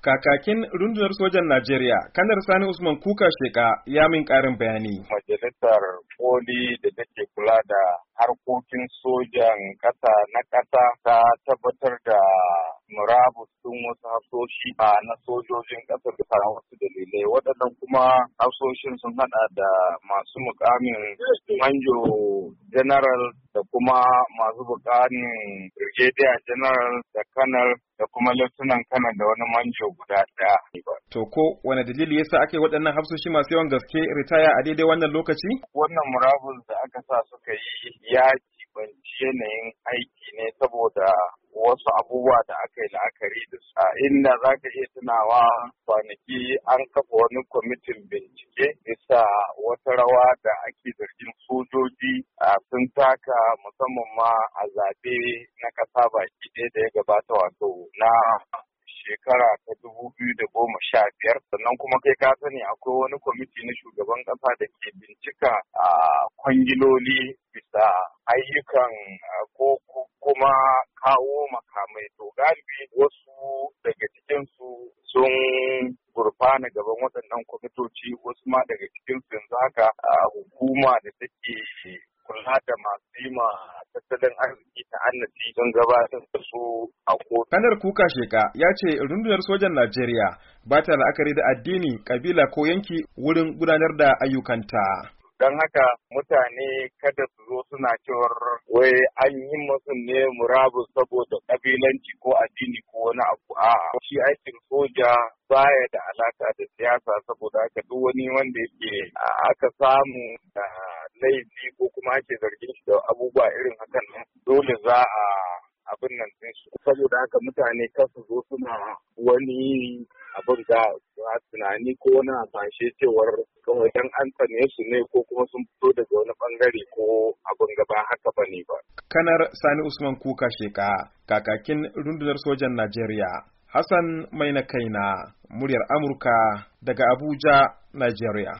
Kakakin rundunar sojan Najeriya, Kanar Sani Usman Kuka Sheka ya min ƙarin bayani. Majalisar koli da take kula da harkokin sojan ƙasa na ƙasa ta tabbatar da murabus sun wasu hafsoshi a na sojojin ƙasar da wasu dalilai. Waɗannan kuma hafsoshin sun haɗa da masu muƙamin manjo general da kuma masu bukanin brigadier general da kanar da kuma lieutenant kanar da wani manjo guda ɗaya. To ko wani dalili yasa ake waɗannan hafsoshi masu yawan gaske ritaya a daidai wannan lokaci? Wannan murabus da aka sa suka yi ya jibanci yanayin aiki ne saboda wasu abubuwa da aka yi la'akari da su. Inda za ka iya tunawa kwanaki an kafa wani kwamitin bincike da wata rawa da ake zargin sojoji a sun taka musamman ma a zaɓe na ƙasa baki ɗaya da ya gabata wato na shekara ta dubu biyu da goma sha biyar sannan kuma kai ka sani akwai wani kwamiti na shugaban ƙasa da ke bincika a kwangiloli bisa ayyukan ko kuma kawo makamai to galibi wasu daga cikinsu sun na gaban waɗannan kwamitoci wasu ma daga cikin yanzu haka a hukuma da take kula da masu yi ma tattalin arziki ta annabi don gabatar da su a kotu. Kanar Kuka Sheka ya ce rundunar sojan Najeriya ba ta la'akari da addini, kabila ko yanki wurin gudanar da ayyukanta. Don haka mutane kada su zo suna cewar wai an yi musu ne murabus saboda kabilanci ko addini ko wani abu a shi aikin soja baya da alaka da siyasa saboda haka duk wani wanda yake aka samu da laifi ko kuma ake zargin shi da abubuwa irin hakan nan dole za a abin nan din su saboda haka mutane kasu zo suna wani abin ga tunani ko wani sashe cewar kawai dan an tsane su ne ko kuma sun fito daga wani bangare ko abin gaba haka ba ne ba. Kanar Sani Usman Kuka Sheka, kakakin rundunar sojan Najeriya. Hassan Mai na kaina, muryar Amurka daga Abuja, Najeriya.